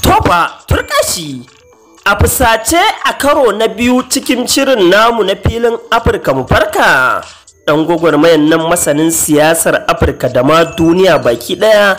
Tofa turkashi a fusace a karo na biyu cikin shirin namu na filin Afirka mu farka. Ɗan gwagwarmayan nan masanin siyasar Afirka da ma duniya baki ɗaya.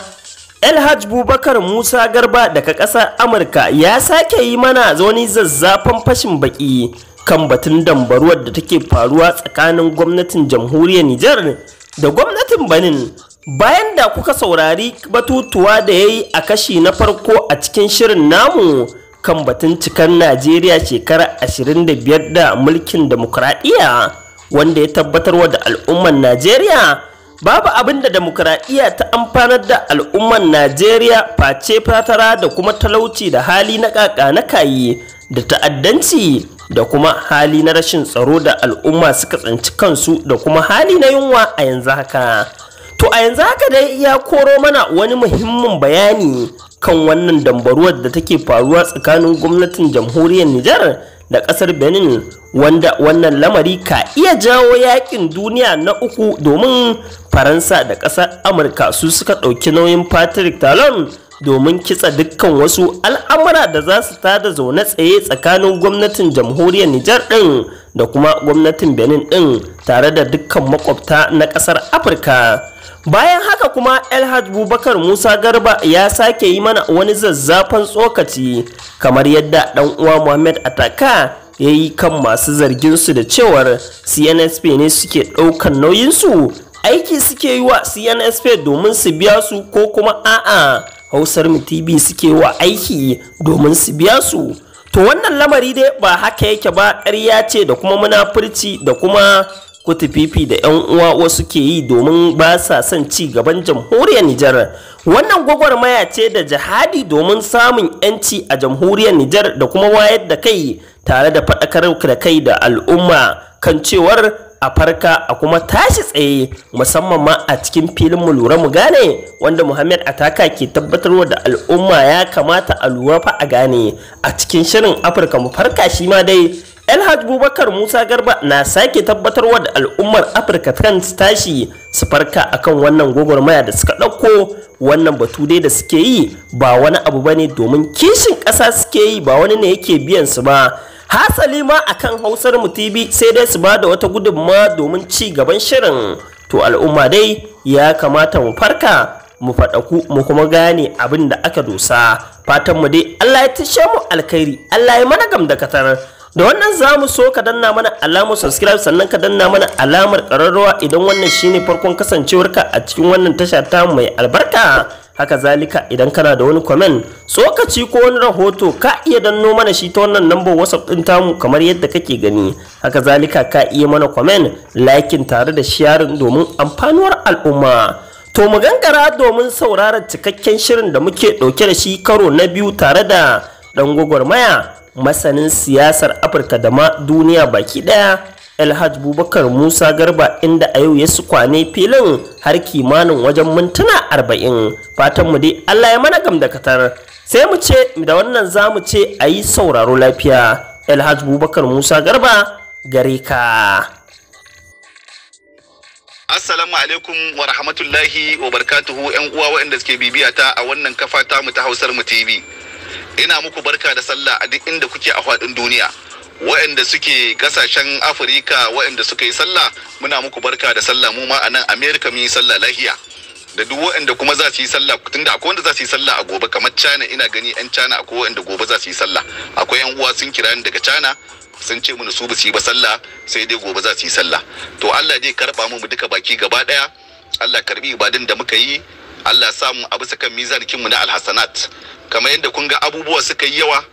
Elhaj Bubakar Musa Garba daga ƙasar Amurka ya sake yi mana zoni zazzafan fashin baki kan batun dambaruwar da take faruwa tsakanin gwamnatin jamhuriyar Nijar da gwamnatin Benin bayan da kuka saurari batutuwa da ya yi a kashi na farko a cikin shirin namu kan batun cikar najeriya shekara 25 da mulkin demokuraɗiyya wanda ya tabbatarwa da al'ummar najeriya babu abin da demokuraɗiyya ta amfanar da al'ummar najeriya face fatara da kuma talauci da hali na ƙaƙa na kayi da ta'addanci da kuma hali na rashin tsaro da al'umma suka tsanci kansu da kuma hali na yunwa a yanzu haka To a yanzu haka dai ya koro mana wani muhimmin bayani kan wannan dambaruwar da take faruwa tsakanin gwamnatin jamhuriyar Nijar da ƙasar Benin wanda wannan lamari ka iya jawo yakin duniya na uku domin Faransa da ƙasar Amurka su suka ɗauki nauyin Patrick Talon domin kitsa dukkan wasu al'amura da za su tada zaune tsaye tsakanin gwamnatin jamhuriyar Nijar ɗin da kuma gwamnatin Benin ɗin tare da dukkan makwabta na ƙasar Afirka. bayan haka kuma elhad bubakar musa garba ya sake yi mana wani zazzafan tsokaci kamar yadda dan uwa muhammad ataka ya yi kan masu zargin su da cewar cnsp ne suke ɗaukan nauyinsu aiki suke yi wa cnsp domin su biya su ko kuma a'a hausar mu tv suke wa aiki domin su biya su to wannan lamari dai ba haka yake ba ƙarya ce da kuma munafurci da kuma kutufifi da 'yan uwa wasu ke yi domin ba sa son ci gaban jamhuriyar Nijar. Wannan gwagwarmaya ce da jihadi domin samun 'yanci a jamhuriyar Nijar da kuma wayar da kai tare da faɗakar da kai da al'umma kan cewar a farka a kuma tashi tsaye musamman ma a cikin filin mu lura mu gane wanda Muhammad Ataka ke tabbatarwa da al'umma ya kamata a lura fa a gane a cikin shirin Afirka mu farka shi ma dai Elhaj Bubakar Musa Garba na sake tabbatar wa da al'ummar Afirka kan tashi su farka akan wannan gwagwarmaya da suka ɗauko wannan batu dai da suke yi ba wani abu bane domin kishin ƙasa suke yi ba wani ne yake biyan su ba. Hasali ma akan Hausar mu TV sai dai su ba da wata gudunma domin ci gaban shirin. To al'umma dai ya kamata mu farka mu faɗaku mu kuma gane abin da aka dosa Fatanmu dai Allah ya tashe mu alkhairi Allah ya mana katar. da wannan za mu so ka danna mana alamar subscribe sannan ka danna mana alamar ƙararrawa idan wannan shine farkon kasancewarka a cikin wannan tasha ta mai albarka haka zalika idan kana da wani comment tsokaci ko wani rahoto ka iya danno mana shi ta wannan number whatsapp din tamu kamar yadda kake gani haka zalika ka iya mana comment liking tare da sharing domin amfanuwar al'umma to mu gangara domin sauraron cikakken shirin da muke ɗauke da shi karo na biyu tare da ɗan gwagwarmaya masanin siyasar afirka da ma duniya baki ɗaya elhaj bubakar musa garba inda a yau ya su kwane filin har kimanin wajen mintuna arba'in fatanmu dai allah ya mana gamdakatar sai mu ce da wannan za mu ce a yi sauraro lafiya elhaj bubakar musa garba gare ka Assalamu alaikum wa rahmatullahi wa barkatuhu 'yan uwa waɗanda suke bibiya ta a wannan kafa ta mu ta Hausar mu TV. ina muku barka da sallah a duk inda kuke a faɗin duniya waɗanda suke kasashen Afirika waɗanda suka yi sallah muna muku barka da sallah mu ma a nan america mu yi sallah lahiya da duk waɗanda kuma za su yi sallah tunda akwai wanda za su yi sallah a gobe kamar cana ina gani yan cana akwai waɗanda gobe za su yi sallah akwai yan uwa sun kira ni daga cana sun ce mana su ba su yi ba sallah sai dai gobe za su yi sallah to Allah zai karba mu duka baki gaba daya Allah karbi ibadin da muka yi Allah samu a bisa kan mizan kinmu na alhasanat kamar yadda kun ga abubuwa suka yi yawa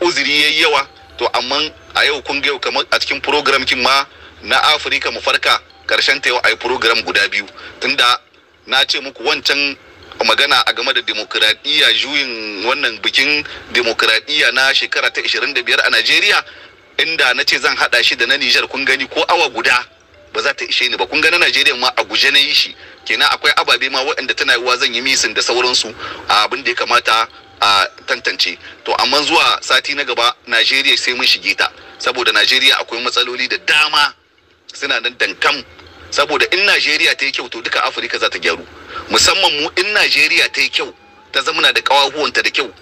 uzuri yi yawa to amma a yau kun ga kamar a cikin program kin ma na Afirka mu farka karshen ta yau ai program guda biyu tunda na ce muku wancan magana a game da demokradiyya juyin wannan bikin demokradiyya na shekara ta 25 a Najeriya inda na ce zan hada shi da na Nijar kun gani ko awa guda ba za ta ishe ni ba kun ga na Najeriya ma a guje na yi shi kenan akwai ababe ma waɗanda tana yiwuwa zan yi misin da sauransu abin da ya kamata a tantance to amma zuwa sati na gaba najeriya sai mun shige ta saboda najeriya akwai matsaloli da dama suna nan dankam saboda in najeriya ta yi kyau to duka afirka za ta gyaru musamman mu in najeriya ta yi kyau ta zama na da kawahuwanta da kyau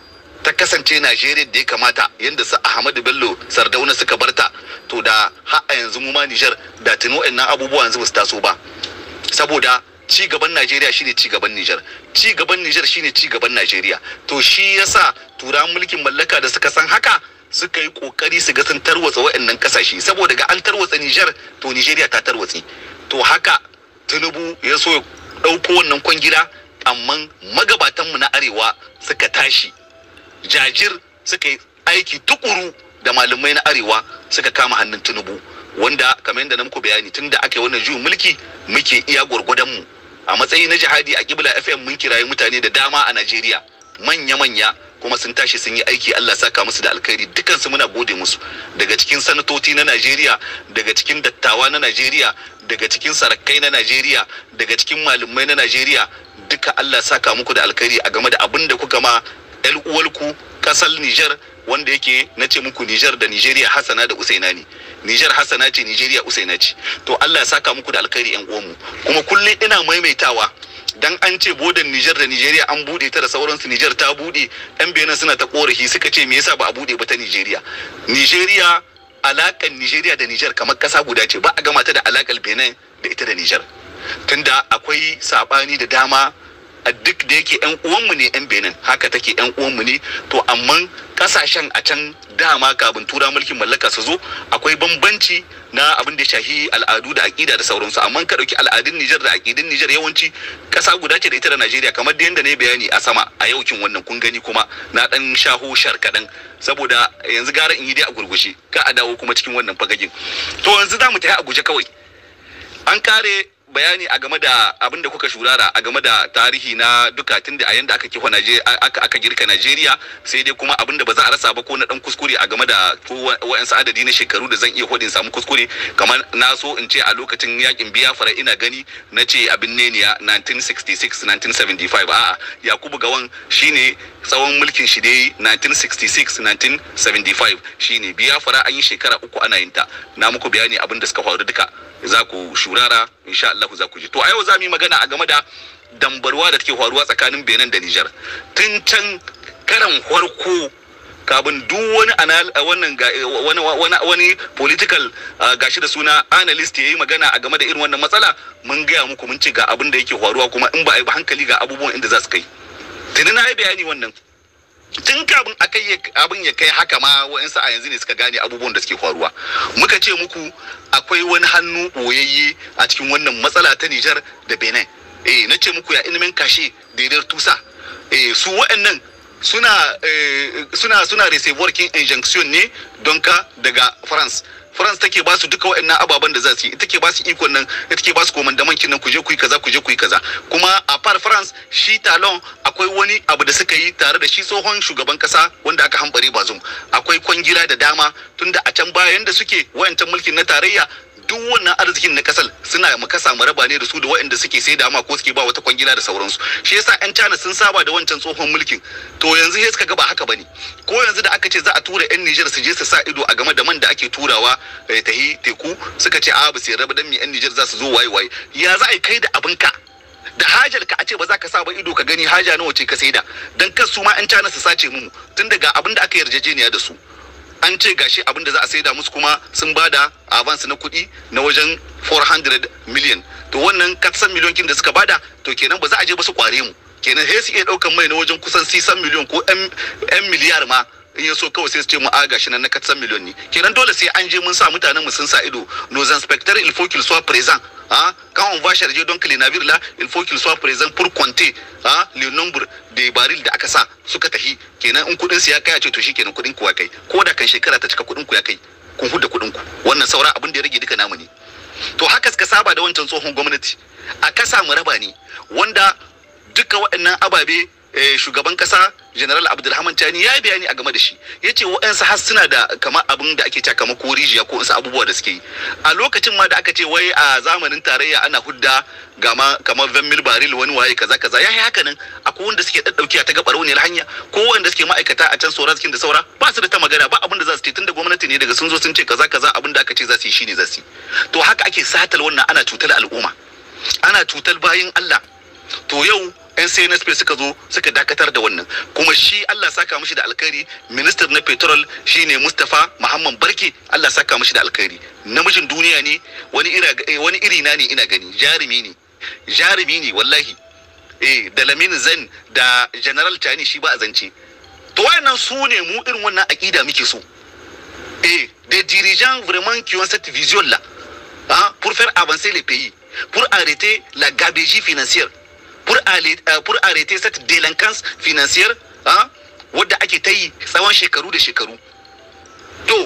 ta kasance najeriya da ya kamata yadda su ahmadu bello sardauna suka barta to da har a yanzu mu ma nijar da tuno abubuwa yanzu ba su taso ba saboda ci gaban Najeriya shine ci gaban Niger ci gaban Niger shine ci gaban Najeriya to shi yasa turawan mulkin mallaka da suka san haka suka yi kokari su ga sun tarwatsa waɗannan kasashe saboda ga an tarwatsa Nijar to Nigeria ta tarwatsi. to haka Tinubu ya so ya ɗauko wannan kwangila amma magabatan mu na arewa suka tashi jajir suka yi aiki tukuru da malamai na arewa suka kama hannun Tinubu wanda kamar yadda na muku bayani tunda da aka wannan juyin mulki muke iya mu a matsayi na jihadi a kibla fm mun kirayi mutane da dama a najeriya manya-manya kuma sun tashi sun yi aiki Allah saka musu da alkhairi dukansu muna gode musu daga cikin sanatoci na Najeriya daga cikin dattawa na Najeriya daga cikin sarakai na Najeriya daga cikin malumai na Najeriya duka Allah saka muku da alkhairi a game da abin da kuka ma uwalku kasar Nijar wanda yake na ce muku Nijar da Nijeriya Hassana da usainani Nijar Hassana ce Nijeriya Usaina ce to Allah ya saka muku da alkhairi yan uwanmu kuma kullum ina maimaitawa dan an ce bodan Nijar da Nijeriya an bude ta da sauransu Nijar ta bude yan Benin suna ta korafi suka ce me yasa ba a bude ba ta Nijeriya Nijeriya alakan Nijeriya da Nijar kamar kasa guda ce ba a gama ta da alakar Benin da ita da Nijar tunda akwai sabani da dama a duk da yake yan uwanmu ne yan benin haka take yan uwanmu ne to amma kasashen a can dama kafin tura mulkin mallaka su zo akwai bambanci na abin da shahi al'adu da aƙida da sauransu amma ka ɗauki al'adun Nijar da aƙidun Nijar yawanci ƙasa guda ce da ita da Najeriya kamar da yadda na bayani a sama a yaukin wannan kun gani kuma na ɗan shaho shar kaɗan saboda yanzu gara in yi dai a gurgushe ka a dawo kuma cikin wannan fagagin to yanzu za mu tafi a guje kawai an kare bayani a game da abin da kuka shurara a game da tarihi na duka tun da a yanda aka kifa aka girka Najeriya sai dai kuma abin da ba za a rasa ba ko na dan kuskure a game da wa'ansu adadi na shekaru da zan iya hodin samu kuskure kamar na so in ce a lokacin yakin Biafra ina gani na ce abin ne 1966 1975 a'a Yakubu Gawan shine tsawon mulkin shi dai 1966 1975 shine Biafra an yi shekara uku ana yinta na muku bayani abin da suka faru duka za ku shurara insha Allah za ku ji to a yau za mu yi magana a game da dambarwa da take faruwa tsakanin Benin da Niger tun can karan farko kabin duk wani wannan wani wani political gashi da suna analyst yayi magana a game da irin wannan matsala mun gaya muku mun ci ga abin da yake faruwa kuma in ba a yi hankali ga abubuwan inda za su kai tuni na yi bayani wannan tun kafin abin ya kai haka ma wa'insu a yanzu ne suka gane abubuwan da suke faruwa muka ce muku akwai wani hannu boyayye a cikin wannan matsala ta nijar da benin eh na ce muku ya ilimin kashe daidar tusa eh su wa'annan eh, suna suna suna injunction ne donka daga france France take ba su duka waɗannan ababen da za su yi ita ke ba su ikon nan ita ke ba su da kinan kuje kuyi ku kaza kuje kuyi kaza kuma a par France shi Talon akwai wani abu da suka yi tare da shi tsohon shugaban kasa wanda aka hambare bazum akwai kwangila da dama tunda a can bayan da suke wayancan mulkin na tarayya duk wannan arzikin na kasar suna makasa mu raba ne da su da waɗanda suke sai da ma ko suke ba wata kwangila da sauransu shi yasa yan China sun saba da wancan tsohon mulkin to yanzu sai suka ga ba haka bane ko yanzu da aka ce za a tura yan Niger su je su sa ido a game da man da ake turawa eh, tahi teku suka ce a ba sai raba dan mi yan Niger za su zo waye waye ya za a kai da abinka da hajar ka a ce ba za ka sa ba ido ka gani haja nawa ce ka saida dan kan su ma yan China su sace mu tun daga abin da aka yarjejeniya da su an ce gashi abin da za a saida musu kuma sun ba da avance na kuɗi na wajen 400 million to wannan katsan miliyon kin da suka bada to kenan ba za a je ba su kware mu kenan sai su iya ɗaukan mai na wajen kusan 600 miliyon ko 'yan miliyar ma in ya so kawai sai su ce mu aga shi nan na katsan miliyon ne kenan dole sai an je mun sa mutanen mu sun sa ido nos inspecteurs il faut qu'il soit présent ha ah, quand on va charger donc les navires là il faut qu'il soit présent pour compter ha ah, le nombre de baril da aka sa suka tafi kenan in kudin su ya kai a ce to shikenan kudin ku ya kai ko da kan shekara ta cika kudin ku ya kai kun huda kudin ku wannan saura abin da ya rage duka namu ne to haka suka saba da wancan tsohon gwamnati a kasa mu raba ne wanda duka waɗannan ababe Eh, shugaban kasa general abdulrahman tani ya yi bayani a game da shi ya ce wa'ansu har suna da kama abin da ake cewa kama ko rijiya ko wasu abubuwa da suke yi a lokacin ma da aka ce wai a zamanin tarayya ana hudda gama kamar van baril wani waye kaza kaza ya yi haka nan akwai wanda suke daddauki ta gabar wani hanya ko wanda suke ma'aikata a can sauran cikin da saura ba su da ta magana ba abin da za su ce da gwamnati ne daga sun zo sun ce kaza kaza abin da aka ce za su yi shine za su yi to haka ake satal wannan ana cutar al'umma ana cutar bayin Allah to yau yan CNSP suka zo suka dakatar da wannan kuma shi Allah saka mishi da alkhairi minister na petrol shine Mustafa Muhammad Barke Allah saka mishi da alkhairi namijin duniya ne wani ira eh, wani iri na ne ina gani jarumi ne jarumi ne wallahi eh da Lamin Zan da General Tani shi ba a zance to wayannan su ne mu irin wannan akida muke so eh de dirigeant vraiment qui ont cette vision là hein, pour faire avancer les pays pour arrêter la gabegie financière pour, aller, euh, pour arrêter cette délinquance financière hein, wadda ake ta yi tsawon shekaru da shekaru to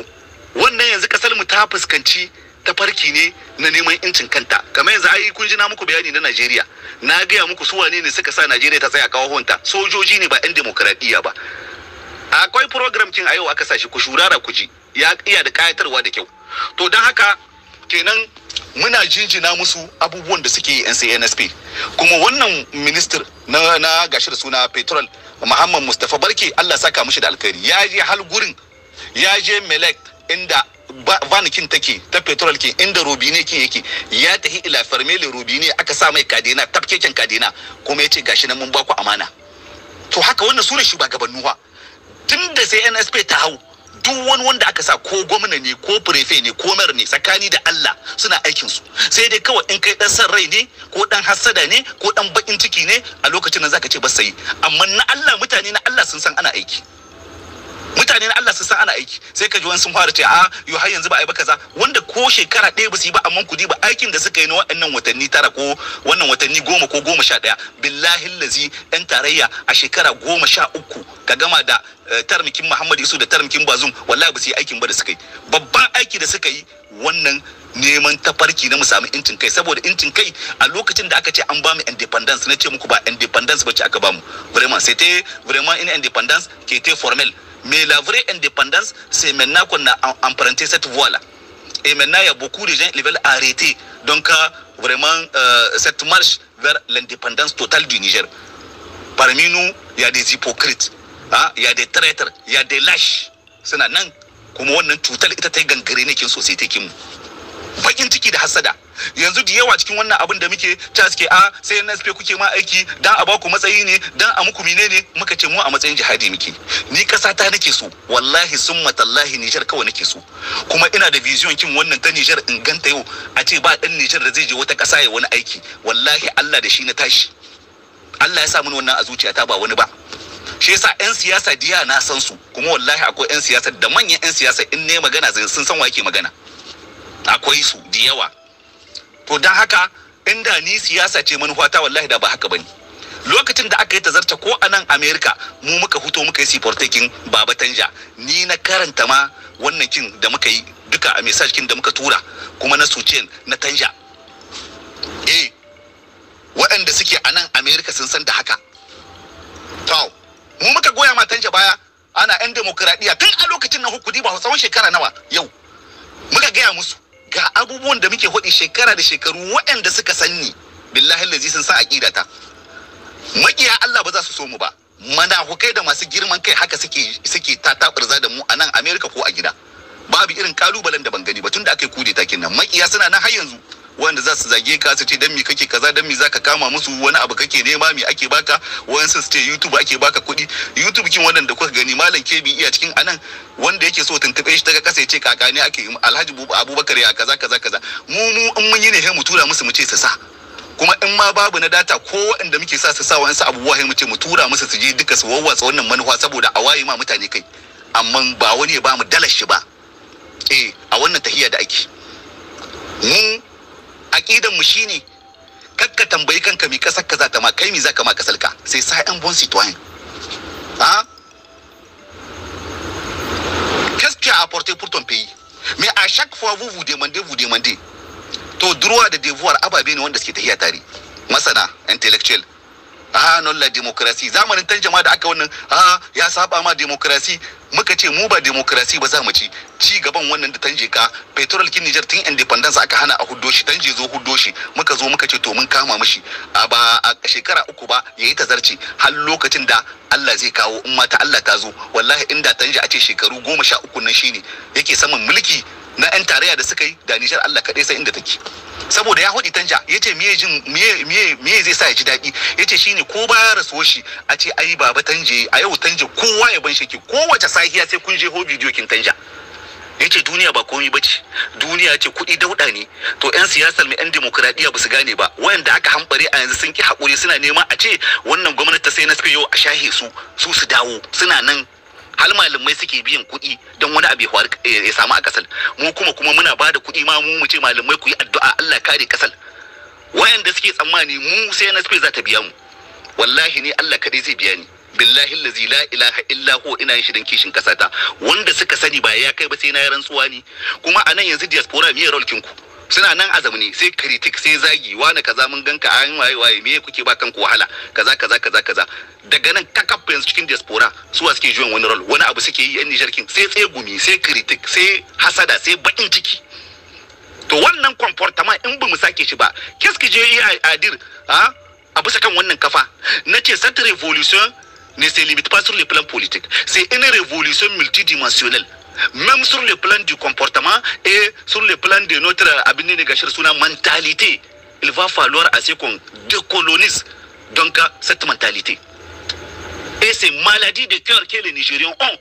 wannan yanzu kasar mu ta fuskanci ta farki ne na neman incin kanta kamar yanzu ai kun ji na muku bayani na Najeriya na gaya muku su wane ne suka sa Najeriya ta tsaya kawo honta sojoji ne ba 'yan demokradiyya ba akwai program kin a yau aka sashi ku shurara ku ji ya iya da kayatarwa da kyau to don haka kenan muna jinjina musu abubuwan da suke NCNSP kuma wannan minister na, na gashi da suna petrol Muhammad Mustafa Barke Allah saka mushi da alkhairi ya je hal gurin ya je Melek inda vanikin take ta petrol ke inda robine ke yake ya tafi ila farmele robine aka sa mai kadena tafkeken kadena kuma ya ce gashi nan mun baku amana to haka wannan sune shugabannin wa tun da sai NSP ta hau duk wani wanda aka sa ko gwamna ne ko prefe ne ko mayar ne tsakani da Allah suna aikin su sai dai kawai in kai dan san rai ne ko dan hassada ne ko dan bakin ciki ne a lokacin nan zaka ce ba sai amma na Allah mutane na Allah sun san ana aiki mutane na Allah su san ana aiki sai ka ji wani sun fara ce a ah, yo har yanzu ba a yi ba kaza wanda ko shekara ɗaya ba su yi ba amma kudi ba aikin da suka yi na waɗannan watanni tara ko wannan watanni goma ko goma sha ɗaya billahi lazi yan tarayya a shekara goma sha uku ka gama da eh, tarmikin Muhammad Yusuf da tarmikin Bazum wallahi ba su yi aikin ba da suka yi babban aiki da suka yi wannan neman tafarki na mu samu incin kai saboda incin kai a lokacin da aka ce an ba mu independence na ce muku ba independence ba ce aka mu vraiment c'était vraiment une indépendance qui était formelle Mais la vraie indépendance, c'est maintenant qu'on a emprunté cette voie-là. Et maintenant, il y a beaucoup de gens qui veulent arrêter. Donc, euh, vraiment, euh, cette marche vers l'indépendance totale du Niger. Parmi nous, il y a des hypocrites, hein, il y a des traîtres, il y a des lâches. C'est nan, on a tout une société qui bakin ciki da hasada yanzu da yawa cikin wannan abin da muke ta suke a ah, sai spe kuke ma aiki dan a baku matsayi ne dan a muku ne muka ce mu a matsayin jihadi muke ni kasa ta nake so wallahi summa tallahi nijar kawai nake so kuma ina da vision kin wannan ta Nijar in ganta yau a ce ba dan Nijar da zai je wata kasa ya wani aiki wallahi Allah da shi na tashi Allah ya sa mini wannan a zuciyata ba wani ba shi yasa yan siyasa diya na san su kuma wallahi akwai yan siyasa da manyan yan siyasa in ne magana sun san wa yake magana akwai su da yawa to don haka inda ni siyasa ce manufata wallahi da ba haka bane lokacin da aka yi tazarta ko a nan america mu muka huto muka yi sifortekin baba tanja ni na karanta ma wannan kin da muka yi duka a message kin da muka tura kuma na suce na tanja eh waɗanda suke a nan america sun san da haka to mu muka goya ma tanja baya ana yan demokradiya tun a lokacin na hukudi ba tsawon shekara nawa yau muka gaya musu ga abubuwan da muke hudi shekara da shekaru waɗanda suka sanni billahi lazi sun sa aqida ta makiya Allah ba za su so mu ba manahukai da masu girman kai haka suke suke tataburza da mu a nan America ko a gida babu irin kalubalen da ban gani ba tunda aka yi kudeta kenan makiya suna nan har yanzu wanda za su zage ka su ce dan me kake kaza dan me zaka kama musu wani abu kake nema me ake baka wani su ce YouTube ake baka kuɗi YouTube kin wannan da kuka gani malam KB iya cikin anan wanda yake so tuntube shi daga kasa ya ce kaka ne ake Alhaji Abubakar ya kaza kaza kaza mu mu in mun yi ne sai mu tura musu mu ce su sa kuma in ma babu na data ko waɗanda muke sa su sa wa'ansu abubuwa sai mu ce mu tura musu su je duka su wawwatsa wannan manufa saboda a waye ma mutane kai amma ba wani ya ba mu dalar shi ba eh a wannan tahiya da ake mu aƙidan mu shine kakka tambayi kanka mi kasar kaza ta ma kai mi zaka ma kasar ka sai sai an bon citoyen ah qu'est-ce que tu as apporté pour ton pays mais a chaque fois vous vous demandez vous demandez to droit da devoir ababe ne wanda suke tafiya tare masana intellectual a la demokrasi zamanin tan jama'a da aka wannan a ah, ya saba ma demokrasi muka ce mu ba demokrasi ba za mu ci ci gaban wannan da tanje ka petrol kin Niger tun independence aka hana a huddo shi tanje zo huddo shi muka zo muka ce to mun kama mishi a ba a shekara uku ba yayi zarci har lokacin da Allah zai kawo in mata Allah ta zo wallahi inda tanje a ce shekaru goma sha uku nan shine yake saman mulki na 'yan tarayya da suka yi da Nijar Allah kaɗai sai inda take saboda ya hudi tanja ya ce miye zai sa ya ji daɗi ya ce shine ko baya rasuwar shi a ce ai baba tanje a yau tanje kowa ya ban shaki kowace sahiya sai kun je ho bidiyo kin tanja ya ce duniya ba komi ba ce duniya ce kuɗi dauɗa ne to 'yan siyasar mai 'yan demokuraɗiyya ba su gane ba wayanda aka hambare a yanzu sun ki haƙuri suna nema a ce wannan gwamnati ta sai na yau a shahe su su su dawo suna nan har malamai suke biyan kuɗi don wani abu ya eh, samu a kasar mu kuma kuma muna ba da kuɗi ma mu mu ce malamai ku yi addu'a Allah kare kasar wayanda suke tsammani mu sai na za ta biya mu wallahi ne Allah kaɗai zai biya ni billahi allazi la ilaha illa huwa ina yin shirin kishin kasata wanda suka sani ba ya kai ba sai na rantsuwa ni kuma anan yanzu diaspora miye rolkin ku suna nan a sai kritik sai zagi wani kaza mun ganka an waye waye me kuke ba kanku wahala kaza kaza kaza kaza daga nan kakaf yanzu cikin diaspora su wa suke juyan wani rol wani abu suke yi yan Niger kin sai sai gumi sai kritik sai hasada sai bakin ciki to wannan comportement in ba mu sake shi ba kiski je yi adir a a bisa kan wannan kafa nace cette révolution ne se limite pas sur le plan politique c'est une révolution multidimensionnelle même sur le plan du comportement et sur le plan de notre Negachir sur la mentalité. Il va falloir à ce qu'on décolonise donc cette mentalité. Et ces maladies de cœur que les Nigériens ont,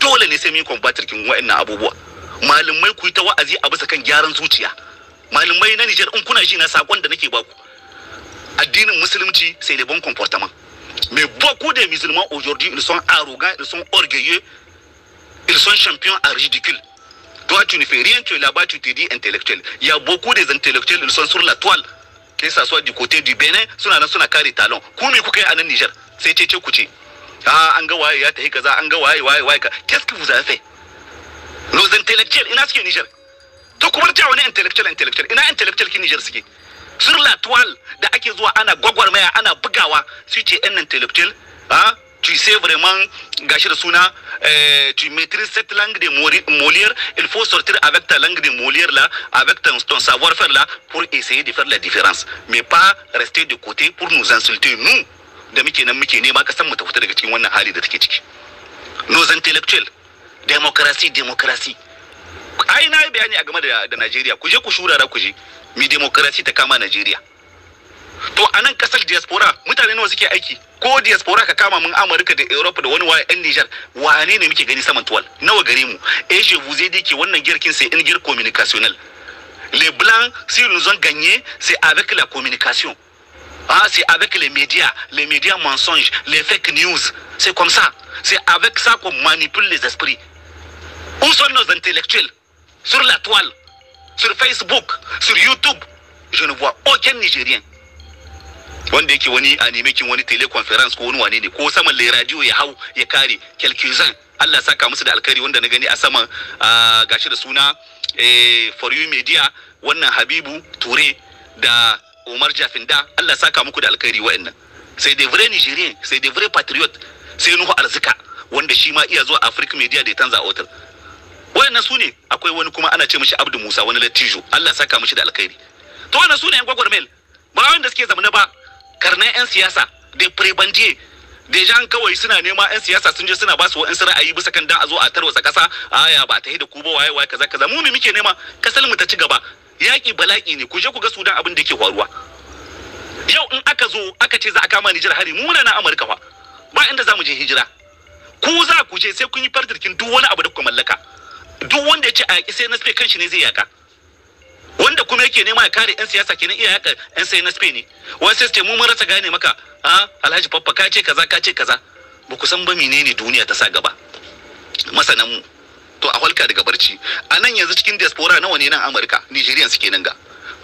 D'où ne sai mun combattre kin wa'annan abubuwa. Malamai ku yi ta wa'azi a kan gyaran zuciya. Malamai na Niger in kuna ji na sakon da nake ku. Addinin musulunci c'est le bon comportement. Mais beaucoup de musulmans aujourd'hui ils sont arrogants, ils sont orgueilleux ils sont champions à ridicule. Toi, tu ne fais rien, tu es là-bas, tu te dis intellectuel. Il y a beaucoup des intellectuels, ils sont sur la toile. Que ce soit du côté du Bénin, sur la nation comme carré talon. ils sont un Niger, c'est Tchétché Kouché. Ah, Anga Waye, Yatahi Kaza, Anga Waye, Qu'est-ce que vous avez fait Nos intellectuels, ils au Niger. Donc, comment tu est intellectuel, intellectuel Il y a intellectuel qui Niger, c'est Sur la toile, da ake zuwa ana gwagwarmaya ana bugawa tu ce un intellectuel, ah, tu sais vraiment gâcher Suna, euh, tu maîtrises cette langue de Molière, il faut sortir avec ta langue de Molière là, avec ton, savoir-faire là, pour essayer de faire la différence. Mais pas rester de côté pour nous insulter, nous, Nos intellectuels, démocratie, démocratie. Il y a game da qui mi démocratie ta kama Nigeria to a diaspora mutane nawa suke aiki ko diaspora ka kama mun da europe ne muke gani saman eh, je vous ai dit que wannan girkin sai in gir les blancs si nous ont gagné c'est avec la communication ah c'est avec les médias les médias mensonges les fake news c'est comme ça c'est avec ça qu'on manipule les esprits où sont nos intellectuels sur la toile sur facebook sur youtube je ne vois aucun nigérien wanda yake wani a animekin wani teleconference ko wani wane ne ko saman le radio ya hau ya kare kelkizan Allah saka musu da alkhairi wanda na gani a saman gashi da suna e, for you media wannan Habibu Ture da Umar Jafinda Allah saka muku da alkhairi wa'annan sai da vrai Nigerian sai da vrai patriot sai Nuhu Arzika wanda shi ma iya zuwa Africa Media da Tanza otal wayannan su ne akwai wani kuma ana ce mishi Abdu Musa wani Latijo Allah saka mishi da alkhairi to wannan su ne yan gwagwarmel ba wanda suke zamana ba karnan 'yan siyasa da prebandiye jan kawai suna nema 'yan siyasa sun je suna ba su wa'ansu ra'ayi bisa kan dan a zo a tarwatsa kasa aya ba ta yi da ku ba waye waye kaza kaza mu me muke nema kasar mu ta ci gaba yaki bala'i ne ku je ku ga sudan abin da yake faruwa yau in aka zo aka ce za a kama Nijar hari mu na Amurka fa ba inda za mu je hijira ku za ku je sai kun yi fardirkin duk wani abu da kuka mallaka duk wanda ya ce a yaƙi sai na kan kanshi ne zai yaka wanda kuma yake nema ya kare 'yan siyasa kenan iya yaka 'yan sai na spain ne wani sai su mu mun rasa gane maka a ah, alhaji faffa ka ce kaza ka ce kaza ba ku san ba menene duniya ta sa gaba masana mu to a hulka daga barci a nan yanzu cikin diaspora nawa ne nan amurka nigerians ke nan ga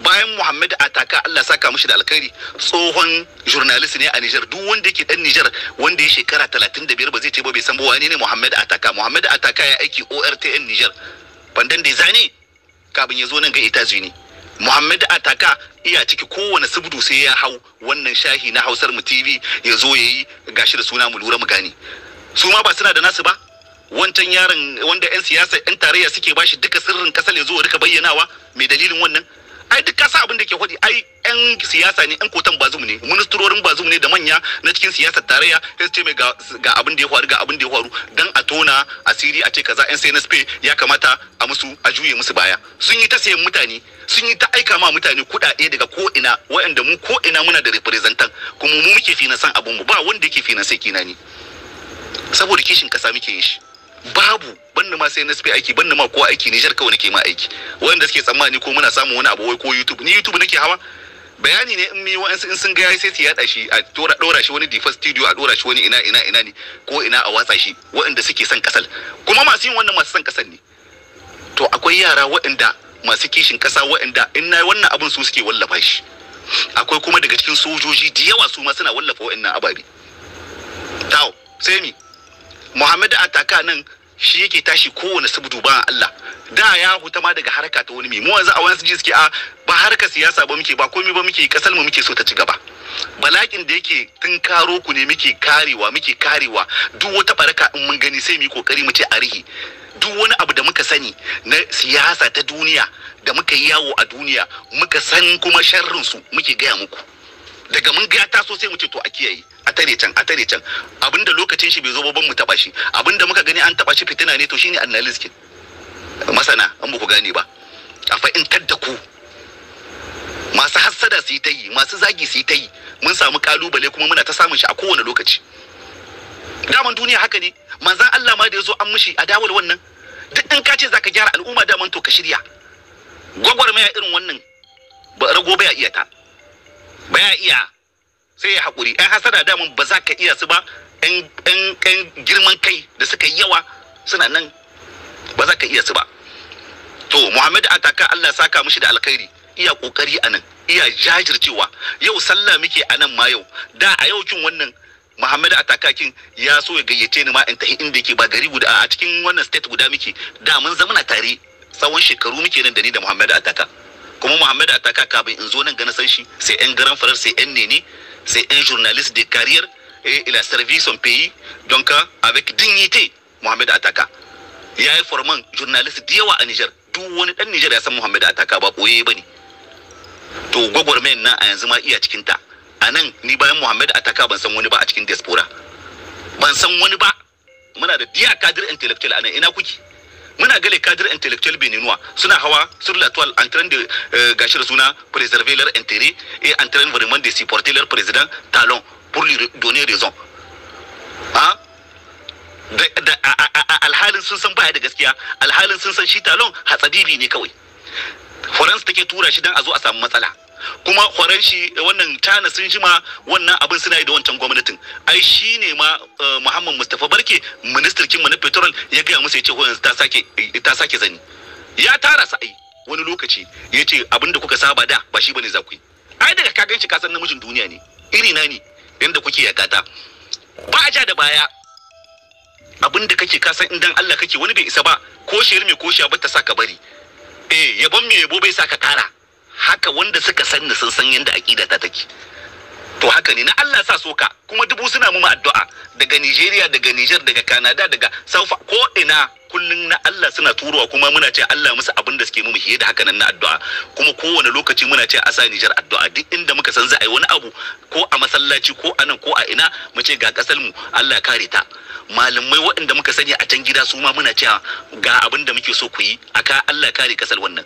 bayan muhammad ataka allah saka mushi da alkhairi tsohon journalist ne a niger duk wanda yake dan niger wanda ya shekara 35 ba zai ce ba bai san ba wani ne muhammad ataka muhammad ataka ya aiki ortn niger bandan da zane kafin ya zo nan ga ita zini Muhammad Ataka iya ciki kowane subudu sai ya hau wannan shahi na Hausar mu TV ya zo ya yi gashi da suna mu lura mu gani Su ma ba suna da nasu ba? Wancan yaron wanda 'yan siyasa 'yan tarayya suke bashi duka sirrin kasar ya zo duka bayyanawa mai dalilin wannan? ai duk kasa abin da ke hodi ai yan siyasa ne yan kotan bazum ne ministrorin bazum ne da manya na cikin siyasar tarayya sai ce mai ga abin da ya faru ga abin da ya faru dan a tona asiri a ce kaza na CNSP ya kamata a musu a juye musu baya sun yi ta sayan mutane sun yi ta aika ma mutane kuɗaɗe daga ko ina waɗanda mu ko ina muna da representant kuma mu muke fina san abin mu ba wanda yake fina sai kina ni saboda kishin kasa muke yin shi babu banda ma sai NSP aiki banda ma ko aiki Niger kawai nake ma aiki wanda suke tsammani ko muna samun wani abu wai ko YouTube ni YouTube nake hawa bayani ne in mi wa'ansu in sun ga yayi sai su yada shi a dora shi wani defense studio a dora shi wani ina ina ina ne ko ina a watsa shi waɗanda suke son kasal kuma masu yin wannan masu son kasal ne to akwai yara waɗanda masu kishin kasa waɗanda in na wannan abin su suke wallafa shi akwai kuma daga cikin sojoji da yawa su ma suna wallafa waɗannan ababe tao sai mi Muhammad Ataka nan shi yake tashi kowane subdu ba Allah da ya huta ma daga harka ta wani mu yanzu a wani suji suke a ba harkar siyasa ba muke ba komai ba muke kasar mu muke so ta ci gaba balakin da yake tun karo ku ne muke karewa muke karewa duk wata baraka in mun gani sai mu kokari mu ce a rihi duk wani abu da muka sani na siyasa ta duniya da muka yi yawo a duniya muka san kuma sharrin su muke gaya muku daga mun ga taso sai mu ce to a kiyaye a tare can a tare can abinda lokacin shi bai zo ban mu taba shi abinda muka gani an taba shi fitina ne to shine analysis masana an ba ku gane ba a fa'intar da ku masu hassada su yi ta yi masu zagi su yi ta yi mun samu kalubale kuma muna ta samun shi a kowane lokaci daman duniya haka ne manzan Allah ma da ya zo an mishi a wannan duk in ka ce zaka gyara al'umma daman to ka shirya gwagwarmaya irin wannan ba rago baya iya ta baya iya sai ya haƙuri ɗan hasada mun ba za ka iya su ba ɗan girman kai da suka yi yawa suna nan ba za ka iya su ba to muhammadu ataka allah saka mishi da alkhairi iya ƙoƙari a nan iya jajircewa yau sallah muke a nan ma yau da a yau kin wannan Muhammadu kin ya so ya gayyace ni ma in tafi inda yake ba gari guda a cikin wannan state guda muke da mun zamana tare tsawon shekaru muke nan da ni da Muhammadu Ataka. kuma muhammad ataka kafin in zo nan ga na san shi sai yan garan farar sai yan nene sai yan journalist de carrier et il a servi son pays donc euh, avec dignité muhammad ataka ya yi forman journalist da yawa a niger duk wani dan niger ya san muhammad ataka ba koye bane to gwagwarmayar nan a yanzu ma iya cikin ta a nan ni bayan muhammad ataka ban san wani ba a cikin diaspora ban san wani ba muna da diya kadir intellectual a nan ina kuke muna gale cadre intellectuel béninois suna hawa sur la toile en train de euh, gâcher suna préserver leur intérêt et en train vraiment de supporter leur président Talon pour lui donner raison alhalin sun san baya da gaskiya alhalin sun san shi Talon hatsadibi ne kawai France take tura shi dan a zo a samu matsala kuma kwaran shi wannan tana sun jima wannan abin suna yi da wancan gwamnatin ai shi ne ma eh, muhammad mustapha barke ministirkin mu na petrol ya gaya musu ya ce yanzu eh, ta sake zani ya tara sa ai wani lokaci ya ce abin da kuka saba da ba shi bane za ku yi ai daga ka ganci ka san namijin duniya ne iri na ne yadda kuke yakata ba a ja da baya abin da kake ka san idan Allah kake wani bai isa ba ko mai ko sha ba ta saka bari eh yabon mai yabo bai saka kara haka wanda suka sani ni sun san yadda aqida ta take to haka ne na Allah sa soka kuma dubu suna mu addu'a daga Nigeria daga Niger daga Canada daga South ko ina kullun na Allah suna turowa kuma muna ce Allah musu abin da suke mu muhiye da hakanan na addu'a kuma kowane lokaci muna ce a sa Niger addu'a duk inda muka san za a yi wani abu ko a masallaci ko a nan ko a ina mu ce ga kasar mu Allah kare ta malamai waɗanda muka sani a can gida su ma muna cewa ga abin da muke so ku yi aka Allah kare kasar wannan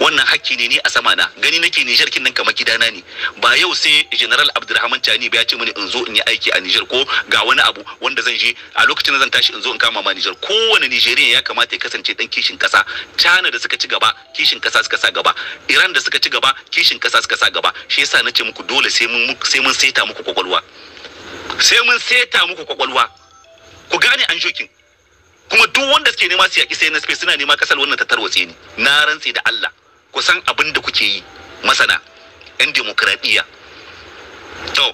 wannan hakki ne ni a sama na gani nake Niger kin nan kamar gidana ne ba yau sai General Abdulrahman Tani ba ya ce mini in zo in yi aiki a Niger ko ga wani abu wanda zan je a lokacin zan tashi in zo in kama ma Niger kowane Nijeriya ya kamata ya kasance dan kishin kasa China da suka ci gaba kishin kasa suka sa gaba Iran da suka ci gaba kishin kasa suka sa gaba shi yasa nace muku dole sai mun sai mun saita muku kwakwalwa sai mun saita muku kwakwalwa ku gane an jokin kuma duk wanda suke nema su yaƙi sai na suna nema kasar wannan ta tarwatse ni na rantse da Allah kusan abin da kuke yi masana 'yan demokradiyya to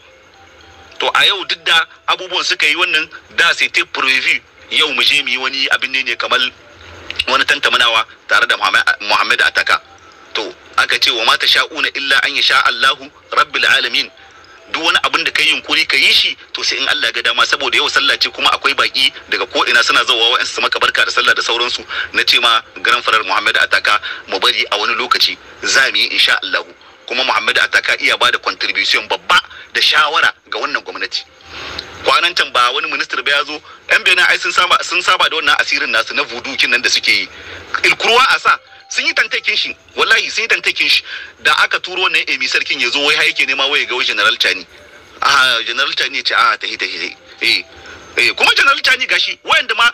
to a yau duk da abubuwan suka yi wannan da sai ta preview yau mu je mu yi wani abin ne kamar wani tantamanawa tare da Muhammad Ataka to aka ce wa mata sha'una illa an sha Allahu rabbil alamin duk wani abin da kai yunkuri ka yi shi to sai in Allah ga dama saboda yau sallah ce kuma akwai baki daga ko ina suna zawowa wa'ansu su maka barka da sallah da sauransu na ce ma garan farar Muhammad Ataka mu bari a wani lokaci za mu yi insha Allah kuma Muhammad Ataka iya ba da contribution babba da shawara ga wannan gwamnati kwanan can ba wani minister ba ya zo yan benin ai sun saba da wannan asirin nasu na vudu kin nan da suke yi ilkurwa a sa sun yi tantakin shi wallahi sun yi tantakin shi da aka turo ne emi sarkin ya zo wai haike nema wai ga general chani a general chani ce a ah, hita hita eh eh kuma general chani gashi wayanda ma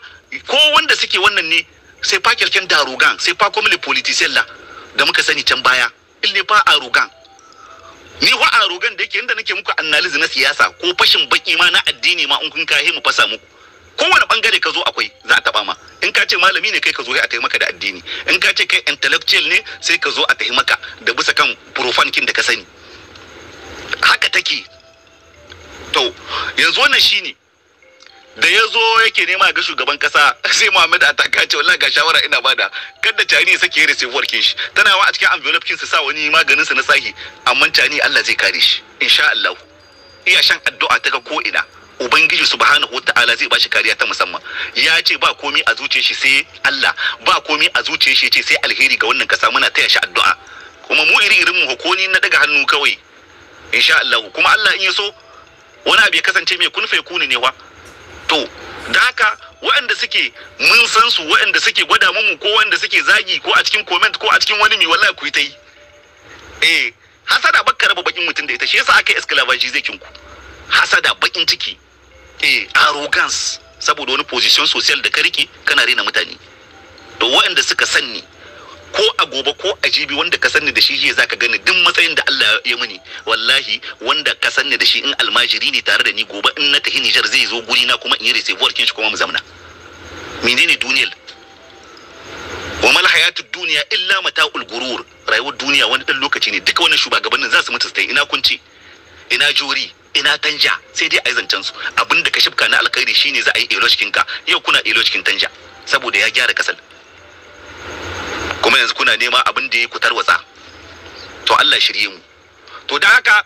ko wanda suke wannan ne sai fa kirkin darugan sai fa komle politician la da muka sani can baya In ne fa arugan ni wa arugan da yake inda nake muku analysis na siyasa ko fashin baki ma na addini ma in kun kahe mu fasa muku kowane bangare ka zo akwai za a taba ma in ka ce malami ne kai ka zo a taimaka maka da addini in ka ce kai intellectual ne sai ka zo a taimaka maka da bisa kan profankin da ka sani haka take to yanzu wannan shine da ya zo yake nema ga shugaban kasa sai Muhammad Ataka ce wallahi ga shawara ina bada kada cani sake yi receiver kin shi tana wa a cikin envelope kin sa sa wani maganin sa na sahi amma cani Allah zai kare shi insha Allah iya shan addu'a ta ga ko ina ubangiji subhanahu ta'ala zai bashi kariya ta musamman ya ce ba komi a zuciyar shi sai Allah ba komi a zuciyar shi ce sai alheri ga wannan kasa muna taya shi addu'a kuma mu iri irin mu hukuni na daga hannu kawai insha Allah kuma Allah in yaso so wani abu ya kasance mai kun kuni ne wa to da haka waɗanda suke mun san su waɗanda suke gwada mu ko waɗanda suke zagi ko a cikin comment ko a cikin wani mai wallahi ku yi ta yi eh hasada bakkar raba bakin mutum da ita shi yasa aka esclavage zai kinku hasada bakin ciki eh arrogance saboda wani position social da ka rike kana rena mutane da waɗanda suka sanni ko a gobe ko a jibi wanda ka sanni da shi jiya zaka gani duk matsayin da Allah ya mani wallahi wanda ka sanni da shi in almajiri ne tare da ni gobe in na tafi Niger zai zo guri na kuma in yi receiver kin shi kuma mu zamna menene duniyar wa mal hayatud duniya illa mata'ul gurur rayuwar duniya wani dan lokaci ne duka wannan shugabannin za su mutu ina kunci ina jori ina tanja sai dai a yi zancen su abinda ka shifka na alkhairi shine za a yi elo ka yau kuna elo cikin tanja saboda ya gyara kasal kuma yanzu kuna nema abin da ya ku tarwatsa to Allah shirye mu to da haka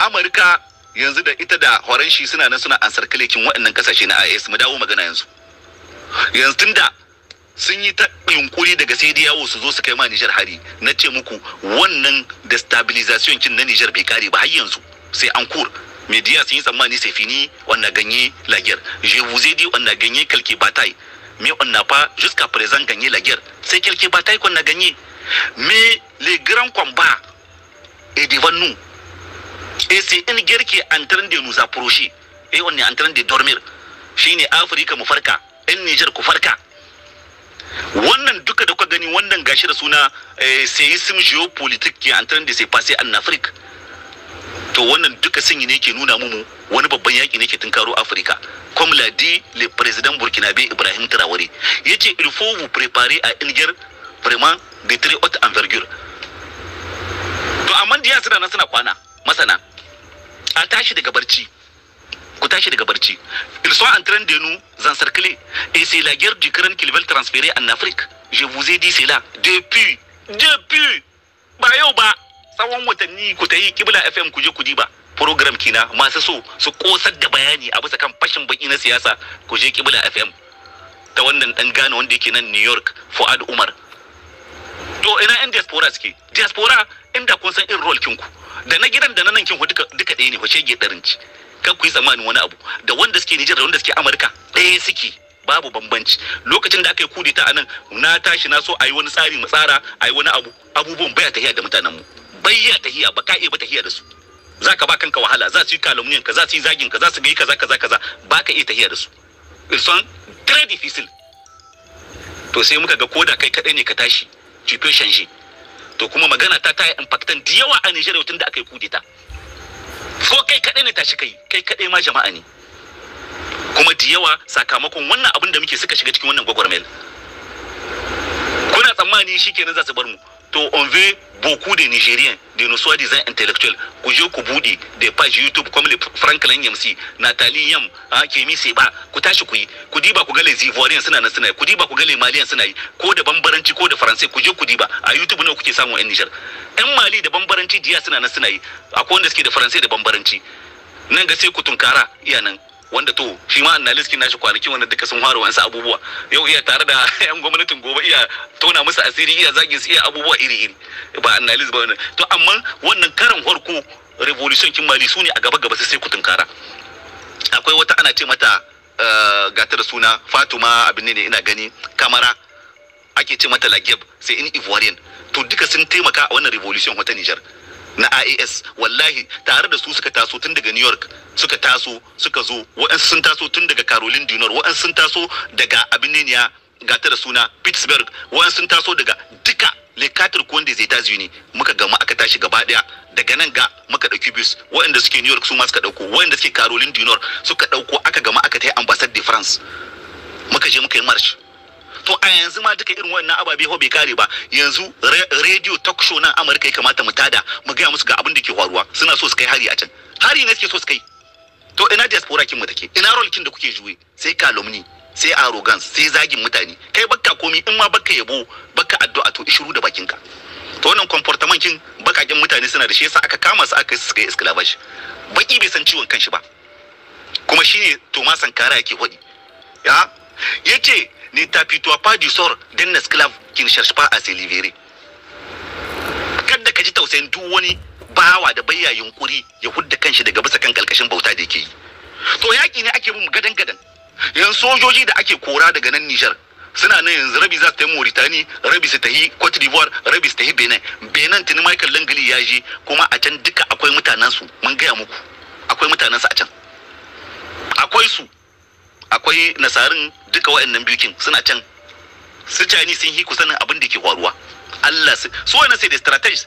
Amurka yanzu da ita da horon shi suna nan suna ansar kalekin waɗannan kasashe na IS mu dawo magana yanzu yanzu tunda sun yi ta yunkuri daga sai yawo su zo su kai ma Nijar hari na ce muku wannan destabilization kin na Niger bai kare ba har yanzu c'est en cours. Mais dire c'est c'est fini, on a gagné la guerre. Je vous ai dit on a gagné quelques batailles, mais on n'a pas jusqu'à présent gagné la guerre. C'est quelques batailles qu'on a gagnées. Mais les grands combats est devant nous. Et c'est une guerre qui est en train de nous approcher. Et on est en train de dormir. Et l'Afrique, mu farka, un Niger ku Wannan duka da eh, géopolitique qui est en train de se passer en Afrique to wannan duka sanyi ne ke nuna mu wani babban yaki ne yake tunkaro afirka comme l'a dit le président burkinabé ibrahim traoré yace il faut vous préparer à une guerre vraiment de très haute envergure to amma da suna nan suna kwana masana a tashi daga barci ku tashi daga barci ils sont en train de nous encercler et c'est la guerre du crâne qu'ils veulent transférer en Afrique je vous ai dit cela depuis depuis ba ba tsawon watanni ku ta yi kibla fm ku je ku diba program kina masu so su kosar da bayani a bisa kan fashin baki na siyasa ku je kibla fm ta wannan dan gane wanda yake nan new york fuad umar to ina yan diaspora suke diaspora inda kun san in role ku da na gidan da na nan duka duka ɗaya ne ku shege ɗarinci kan ku yi tsammanin wani abu da wanda suke Nijar da wanda suke Amurka ɗaya suke babu bambanci lokacin da aka yi kudeta a nan na tashi na so a yi wani tsari mu tsara a yi wani abu abubuwan baya tafiya da mutanen mu. bayya tahiya ba ka iya ba tahiya da su za ka ba kanka wahala za su yi kalumniyan ka za su yi zagin ka za su yi kaza kaza kaza ba ka ta tahiya da su ilson très fisil. to sai muka ga koda kai kadai ne ka tashi tu peux to kuma magana ta ta amfaktan da yawa a Nigeria tun da aka yi kudeta ko kai kadai ne tashi kai kai kadai ma jama'a ne kuma da yawa sakamakon wannan abin da muke suka shiga cikin wannan gwagwarmayar kuna tsammani shikenan za su bar mu to on veut beaucoup de Nigériens, de nos soi-disant intellectuels, Kujo Kubudi, des pages YouTube comme le Franklin Yamsi, Nathalie Yam, hein, Kémy Seba, Koutachi Koui, Koudiba Kouga les Ivoiriens Sena Nasena, Koudiba Kouga les Maliens Sena, Kou de Bambaranchi, Kou de Français, Kujo Koudiba, à YouTube no Kouti Samu en Niger. En Mali de Bambaranchi, Dia Sena Nasena, à Kondeski de Français de Bambaranchi. Nan ga sai ku tunkara iya nan wanda to shi ma analyst nashi kwanaki wanda duka sun fara wasu abubuwa yau iya tare da yan gwamnatin gobe iya tona musu asiri iya zagin su iya abubuwa iri iri ba analis ba wannan to amma wannan karan farko revolution kin mali su ne a gaba gaba sai ku tunkara akwai wata ana ce mata eh, gatar suna Fatuma abin ne ina gani kamara ake ce mata Lageb sai in Ivorian to duka sun taimaka a wannan revolution wata Nijar. na IAS wallahi tare da su suka taso tun daga New York suka taso suka zo waɗansu sun taso tun daga Caroline du waɗansu sun taso daga Abininia ga ta da suna Pittsburgh waɗansu sun taso daga duka lekatar ko wanda zai tazi ne muka gama aka tashi gaba daya daga nan ga muka dauki bus waɗanda suke New York su ma suka dauko waɗanda suke Caroline du suka dauko aka gama aka tai ambassade de France muka je muka yi march to a yanzu ma duka irin wannan ababe ho bai kare ba yanzu radio talk show nan Amurka ya kamata mu tada mu gaya musu ga abin da ke faruwa suna so su kai hari a can hari ne suke so su kai to ina diaspora kin mu take ina role kin da kuke juye sai calumny sai arrogance sai zagin mutane kai bakka komi in ma bakka yabo bakka addu'a to ishuru da bakinka to wannan comportment kin bakakin mutane suna da shi yasa aka kama su aka suka yi esclavage baki bai san ciwon kanshi ba kuma shine to ma sankara yake hodi ya yace ne t'apitoie pas du sort d'un esclave qui ne cherche pas à se libérer kada ka ji tausayin duk wani bawa da bayya yunkuri ya hudda kanshi daga bisa kan kalkashin bauta da yake yi to yaƙi ne ake bin gadan gadan yan sojoji da ake kora daga nan Nijar suna nan yanzu rabi za su tafi Mauritani rabi su tafi Cote d'Ivoire rabi su tafi Benin Benin tuni Michael Langley ya je kuma a can duka akwai mutanensu mun gaya muku akwai mutanensu a can akwai su akwai nasarin duka wa'annan bikin suna can su cani sun hiku sanin abin da ke faruwa Allah su su wani sai da strategies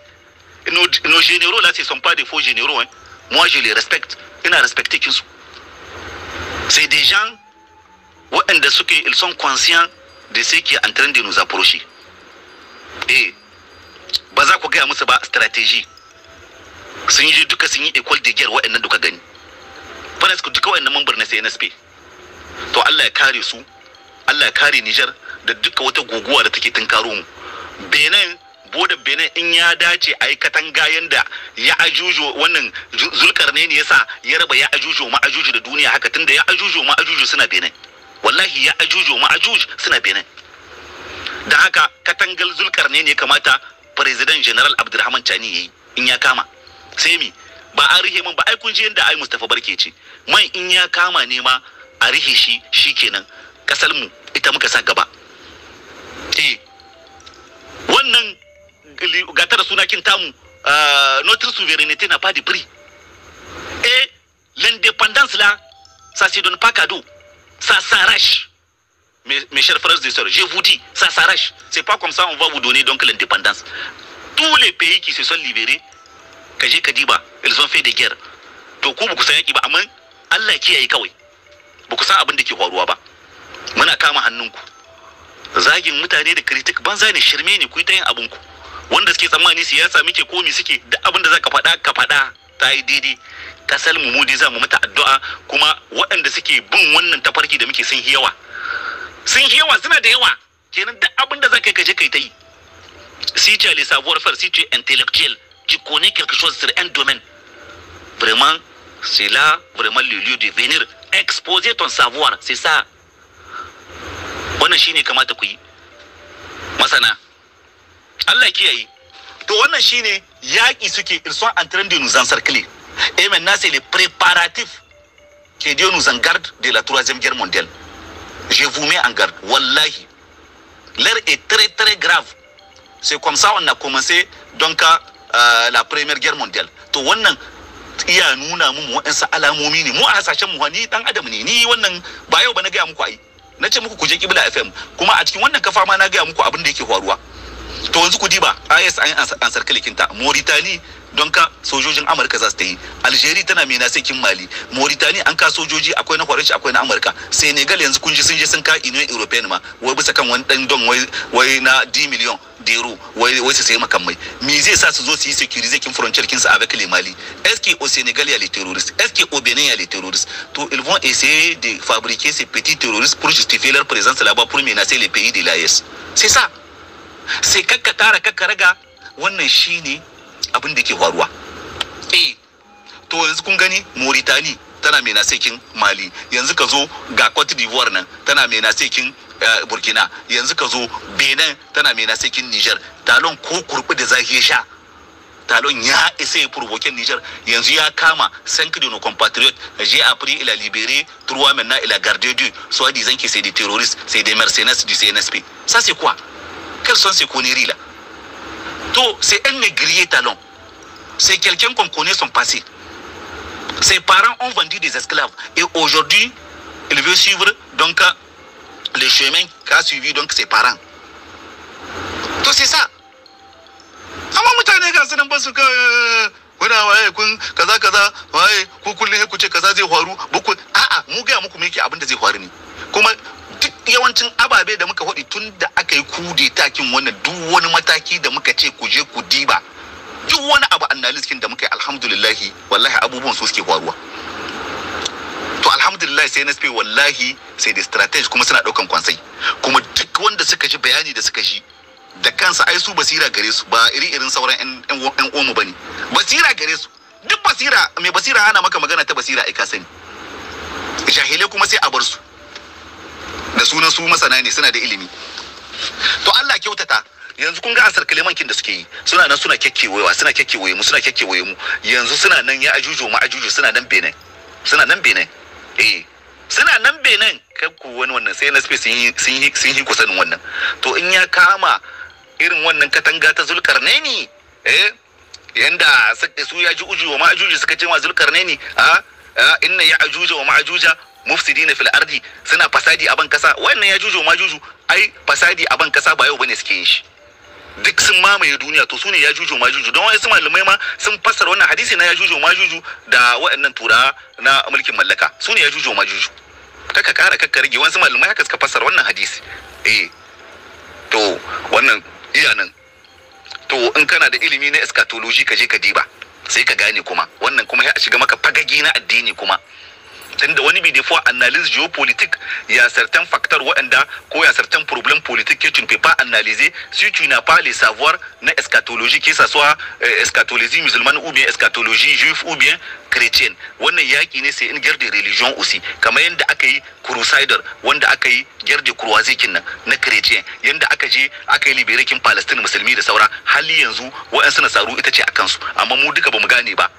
no généraux la c'est sont pas des faux généraux hein. moi je les respecte ina respecté kinsu c'est des gens waɗanda suke ils sont conscients de ce qui est en train de nous approcher eh ba za ku gaya musu ba stratégie sun yi duka sun yi école de guerre waɗannan duka gani fa duka waɗannan mambar na CNSP to Allah ya kare su Allah ya kare Nijar da duka wata guguwa da take tunkaro mu Benin boda Benin in ya dace a yi katanga yanda ya ajujo wannan zulkar ne yasa ya raba ya ajujo ma ajujo da duniya haka tunda ya ajujo ma ajujo suna Benin wallahi ya ajujo ma ajuj suna Benin da haka katangal zulkar ne kamata president general Abdulrahman Chani yayi in ya kama sai mi ba an rihe min ba ai kun ji yanda ai Mustafa Barke ce mai in ya kama ne ma gatar notre souveraineté n'a pas de prix et l'indépendance là ça se donne pas cadeau ça s'arrache mes, mes chers frères et sœurs je vous dis ça s'arrache c'est pas comme ça on va vous donner donc l'indépendance tous les pays qui se sont libérés kaje kadiba ils ont fait des guerres to ko yaki ba ba ku san abin da ke faruwa ba muna kama hannunku zagin mutane da kritik banza ne shirme ne ku ta yin abinku wanda suke tsammani siyasa muke komi suke da abin da za ka faɗa ka faɗa ta yi daidai kasar mu mudi za mu mata addu'a kuma waɗanda suke bin wannan tafarki da muke sun yawa sun yawa suna da yawa kenan duk abin da za ka kaje kai ta yi si ce as les savoirs faire si tu es intellectuel tu connais quelque chose sur un domaine vraiment c'est là vraiment le lieu de venir Exposer ton savoir c'est ça wannan shine kamata ku yi masana Allah kiyaye to wannan shine suke ils sont en train de nous encercler et maintenant c'est les préparatifs que Dieu nous en garde de la troisième guerre mondiale je vous mets en garde wallahi l'air est très très grave c'est comme ça on a commencé donc à euh, la première guerre mondiale to wannan iya nuna mu waɗansu alamomi ne mu a hasashen mu ni dan adam ne ni wannan ba yau ba na gaya muku ai na ce muku ku je kibla fm kuma a cikin wannan kafa ma na gaya muku abin da yake faruwa to yanzu ku diba is an ansar kalikinta moritani. don ka sojojin amurka za su ta yi algeria tana mai nasikin mali mauritania an ka sojoji akwai na kwarashi akwai na amurka senegal yanzu kun ji sun je sun ka union european ma wai bisa kan wani dan don wai na d million dero wai su sayi makamai me zai sa su zo su yi security kin frontier kin su avec les mali est-ce que au senegal il y a les terroristes est-ce que au benin il les terroristes to ils vont essayer de fabriquer ces petits terroristes pour justifier leur présence là-bas pour menacer les pays de l'AES c'est ça c'est kakkatara tara raga wannan shine abin da ke faruwa eh to yanzu kun gani as tana mai nasekin Mali yanzu ka zo ga Cote d'Ivoire nan tana mai nasekin eh, Burkina yanzu ka zo Benin tana mai nasekin Niger talon ko kurbi da zahi sha talon ya isa ya furbokin Niger yanzu ya kama cinq de nos compatriotes j'ai appris il a libéré trois maintenant il a gardé deux soi disant que c'est des terroristes c'est des mercenaires du CNSP ça c'est quoi quelles sont ces conneries là c'est un négrier talent. C'est quelqu'un qu'on connaît son passé. Ses parents ont vendu des esclaves. Et aujourd'hui, il veut suivre donc le chemin qu'a suivi donc ses parents. tout c'est ça. yawancin ababe da muka faɗi tun da aka yi kude takin wannan duk wani mataki da muka ce ku je ku diba duk wani abu annaliskin da muka yi alhamdulillahi wallahi abubuwan su suke faruwa to alhamdulillah sai nsp wallahi sai da strategy kuma suna ɗaukan kwansai kuma duk wanda suka ji bayani da suka ji da kansa ai su basira gare su ba iri irin sauran yan ba bane basira gare su duk basira mai basira ana maka magana ta basira ai ka sani jahilai kuma sai a bar su da sunan su masana ne suna da ilimi to Allah kyautata yanzu kun ga ansar kalimankin da suke yi suna nan suna kyakkewewa suna kyakkewaye mu suna kyakkewaye mu yanzu suna nan ya ajuju ma ajuju suna nan benin suna nan benin eh suna nan benin kai ku wani wannan sai na space sun yi sun yi kusanin wannan to in ya kama irin wannan katanga ta zulkarnaini eh yanda su ya ji uju wa ma ajuju suka ce ma zulkarnaini a ah, ah, inna ya ajuja wa ma ajuja mufsidina fil ardi suna fasadi a ban kasa wannan ya juju ma juju ai fasadi a ban kasa ba yau bane suke yin shi duk sun mamaye duniya to su ne ya juju ma juju don wasu malamai ma sun fassara wannan hadisi na ya juju ma juju da waɗannan tura na mulkin mallaka su ne ya juju ma juju kaka kara kaka rage wasu malamai haka suka fassara wannan hadisi eh to wannan iya nan to in kana da ilimi na eschatology ka je ka diba sai ka gane kuma wannan kuma ya shiga maka fagagi na addini kuma tunda wani bi defo analyse géopolitique ya certain facteur waɗanda ko ya certain problème politique que tu ne peux pas analyser si tu n'as pas les na eschatologie que ça soit euh, eschatologie musulmane ou bien eschatologie ou wannan yaki ne sai in guerre de religion aussi kamar yadda aka yi crusader wanda aka yi guerre de nan na chrétien yadda aka je aka yi liberakin palestine musulmi da saura hali yanzu waɗansu nasaru ita ce a kansu amma mu duka bamu gane ba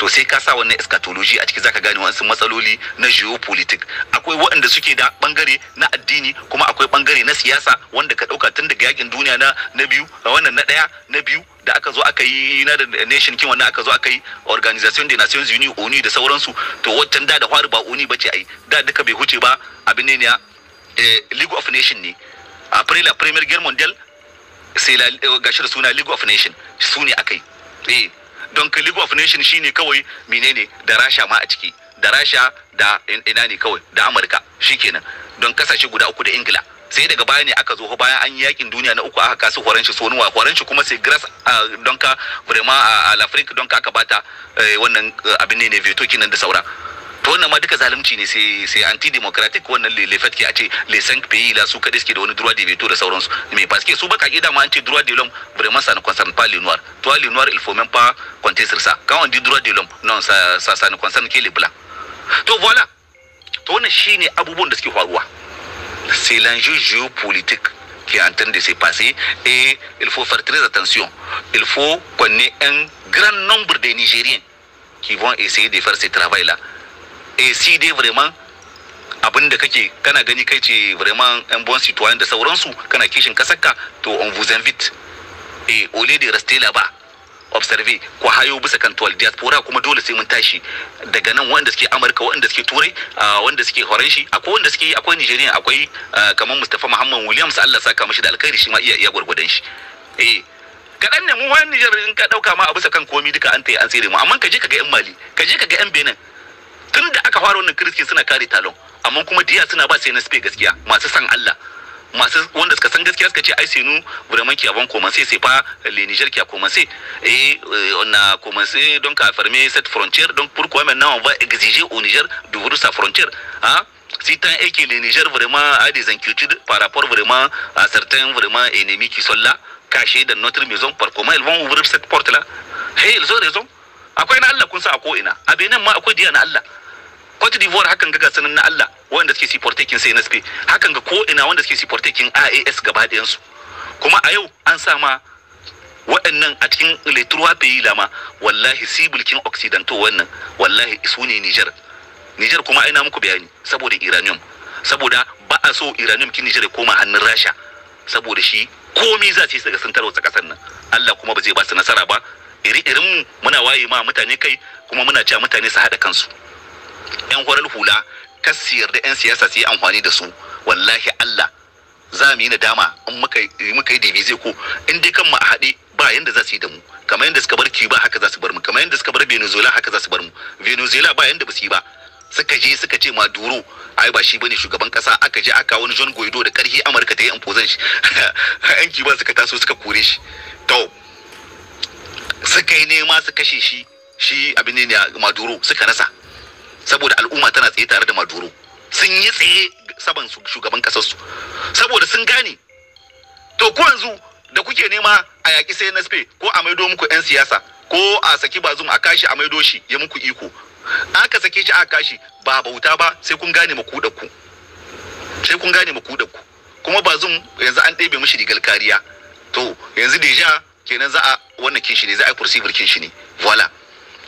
to sai ka sa wannan eschatology a ciki zaka gane wasu matsaloli na geopolitics akwai waɗanda suke da bangare na addini kuma akwai bangare na siyasa wanda ka ɗauka tun daga yakin duniya na na biyu wannan na ɗaya na biyu da aka zo aka yi United Nation kin wannan aka zo aka yi Organisation des Nations union oni da sauransu to wancan da da fari ba oni bace ai da duka bai huce ba abin ne ya eh, League of Nation ne april premier Première Guerre mondiale sai la eh, gashi suna League of Nation su ne akai eh don ka league of shi ne kawai menene da rasha ma a ciki da rasha da ina ne kawai da amurka shi kenan don kasashe guda uku da ingila sai daga baya ne aka zo bayan an yi yakin duniya na uku aka kasu horon shi sonuwa horon shi kuma sai grass don ka vraiment a l'afrique don ka aka bata eh, wannan eh, abin ne ne veto kinan da saura C'est wannan ma duka zalunci ne sai sai wannan le a ce cinq pays la su qui da droit de veto da sauransu mais parce que su baka il ma anti droit de l'homme vraiment ça ne concerne pas les noirs toi les noirs il faut même pas compter sur ça quand on dit droit de l'homme non ça ça, ça ne concerne que les blancs Donc voilà c'est l'enjeu géopolitique qui est en train de se passer et il faut faire très attention. Il faut qu'on ait un grand nombre de Nigériens qui vont essayer de faire ce travail-là. a eh, si dai vraiment abin da kake kana gani kai ce vraiment un bon citoyen da sauransu kana kishin kasakka to on vous invite et eh, au lieu de rester là-bas observer ku hayo bisa kan tuwal diaspora kuma dole sai mun tashi daga nan wanda suke amurka wanda suke turai wanda suke horanshi akwai wanda suke akwai nigeria akwai kamar mustapha muhammad williams allah saka mashi da alkhairi shi ma iya iya gwargwadon shi eh kaɗan ne mu wani nijar in ka ɗauka ma a bisa kan komi duka an ta yi an tsere mu amma ka je ka ga yan mali ka je ka ga yan benin tun aka fara wannan kiristi suna kare talon amma kuma diya suna ba sai na spain gaskiya masu san Allah masu wanda suka san gaskiya suka ce ai c'est nous vraiment qui avons commencé c'est pas le Niger qui a commencé et eh, on eh, a commencé donc à fermer cette frontière donc pourquoi maintenant on va exiger au Niger d'ouvrir sa frontière hein si tant est que le Niger vraiment a des inquiétudes par rapport vraiment à certains vraiment ennemis qui sont là cachés dans notre maison par comment ils vont ouvrir cette porte là hey eh, ils ont raison akwai na Allah kun sa a ko ina a Benin ma akwai diya na Allah Cote d'Ivoire hakan ga gasanin na Allah wanda suke siportakin CNSP hakan ga ko ina wanda suke siportakin AAS gaba su kuma a yau an sa ma waɗannan a cikin leturwa bai lama wallahi sibulkin occidental wannan wallahi su ne Niger Niger kuma aina muku bayani saboda uranium saboda ba a so uranium kin Niger koma hannun Rasha saboda shi komi za su yi daga sun tarwatsa kasar nan Allah kuma ba zai ba su nasara ba iri-irin mu muna waye ma mutane kai kuma muna cewa mutane su haɗa kansu yan horar hula kas yarda yan siyasa su yi amfani da su wallahi Allah za mu yi nadama in muka yi dibi zai ko in dai kan mu a haɗe ba yanda za su yi da mu kamar yanda suka bar Cuba haka za su bar mu kamar yanda suka bar Venezuela haka za su bar mu Venezuela ba yanda ba su yi ba suka je suka ce ma duro ai ba shi bane shugaban kasa aka je aka wani John Guaido da karhi Amurka ta yi imposition yan ba suka taso suka kore shi to suka yi nema su kashe shi shi abin ne maduro suka nasa saboda al'umma tana tsaye tare da maduro sun yi tsaye saban shugaban kasarsu saboda sun gane to ko yanzu da kuke nema a yaƙi sai na ko a maido muku 'yan siyasa ko a saki bazum a kashi a maido shi ya muku iko aka sake shi a kashi ba bauta ba sai kun gane mu ku. sai kun gane mu ku. kuma bazum yanzu an ɗebe mishi rigar kariya to yanzu deja kenan za a wannan kinshi ne za a kursi shi ne voila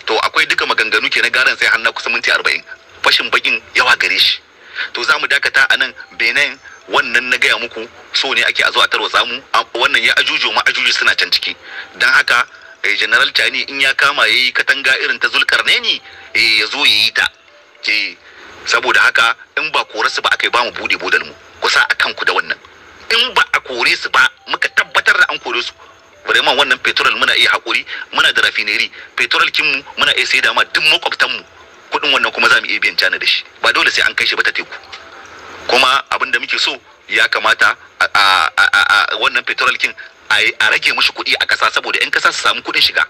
to akwai duka maganganu kenan garan sai hannu kusa minti arba'in fashin bakin yawa gare shi to za mu dakata a nan benin wannan na gaya muku so ne ake a zo a tarwa samu wannan ya ajuju ma ajuju suna can ciki don haka eh, general tani in ya kama ya yi katanga irin ta zulkarneni eh, ya zo ya yi ta saboda haka in ba kore su ba aka yi ba mu bude bodal mu ku sa a kanku da wannan in ba a kore su ba muka tabbatar da an kore su man wannan petrol muna iya hakuri muna da rafineri petrol kinmu muna iya saida ma duk mu. kuɗin wannan kuma za mu iya biyan cana da shi ba dole sai an kai shi ba ta teku kuma abin da muke so ya kamata a wannan petrol kin a rage mushi kuɗi a kasa saboda 'yan ƙasa su samu kuɗin shiga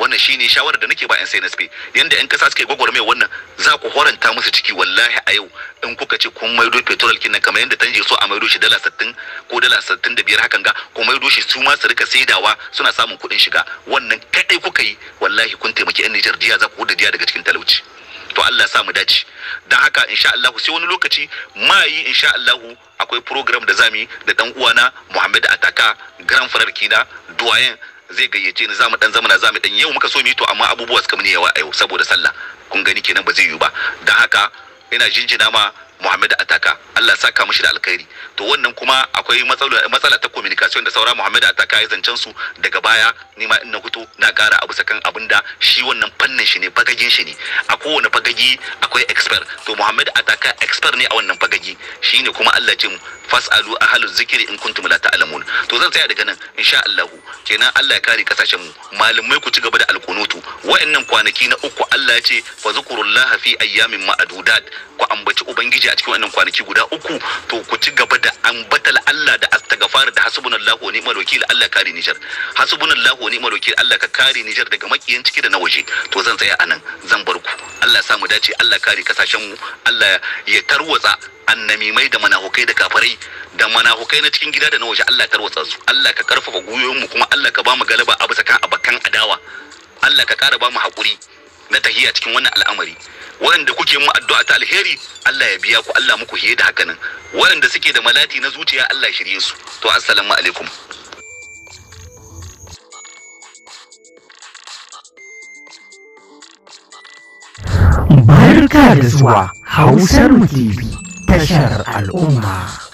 wannan shine shawarar da nake ba 'yan CNSP yanda 'yan kasa suke gwagwarmaya wannan za ku horanta musu ciki wallahi a yau in kuka ce kun maido petrol kin nan kamar yadda tanje so a maido shi dala 60 ko dala 65 hakan ga ku maido shi su ma su rika saidawa suna samun kuɗin shiga wannan kadai kuka yi wallahi kun taimaki 'yan Nijar jiya za ku da jiya daga cikin talauci to Allah sa mu dace don haka insha Allah sai wani lokaci ma yi insha Allah akwai program da zamu yi da dan uwana Muhammad Ataka grand frère kina doyen zai gayyace ni za mu dan zamana mu dan yau muka so mu to amma abubuwa suka muni yawa a yau saboda sallah kun gani kenan ba zai yiwu ba dan haka ina jinjina ma Muhammadu Ataka Allah saka mushi da alkhairi to wannan kuma akwai matsala ta communication da saura Muhammadu Ataka ya zancen su daga baya ni ma na fito na kara abu sakan abinda shi wannan fannin shi ne bagagin shi ne a kowane bagagi akwai expert to Muhammadu Ataka expert ne a wannan shi ne kuma Allah ce fasalu halin zikiri in kuntum la ta'lamun to zan tsaya daga nan insha Allah kenan Allah ya kare kasashen mu malamai ku ci gaba da alkunutu wa'annan kwanaki na uku Allah ya ce fazkurullaha fi ayyamin ma'dudat ku ambaci ubangiji a cikin wannan kwanaki guda uku to ku ci gaba da ambatal Allah da astaghfar da hasbunallahu wa ni'mal wakil Allah kare Niger hasbunallahu wa ni'mal wakil Allah ka kare Niger daga makiyin ciki da na waje to zan tsaya anan zan bar ku Allah ya samu dace Allah kare kasashen mu Allah ya tarwatsa annamimai da manahukai da kafarai da manahukai na cikin gida da na waje Allah ya tarwatsa su Allah ka karfafa gwiwoyin mu kuma Allah ka ba mu galaba a bisa kan abakan adawa Allah ka kara ba mu haƙuri na tahiya cikin wannan al'amari waɗanda kuke mu addu'a ta alheri Allah ya biya ku Allah muku hiye da hakanan waɗanda suke da malati na zuciya Allah shirye su to assalamu alaikum barka da zuwa hausar mu tv tashar al'umma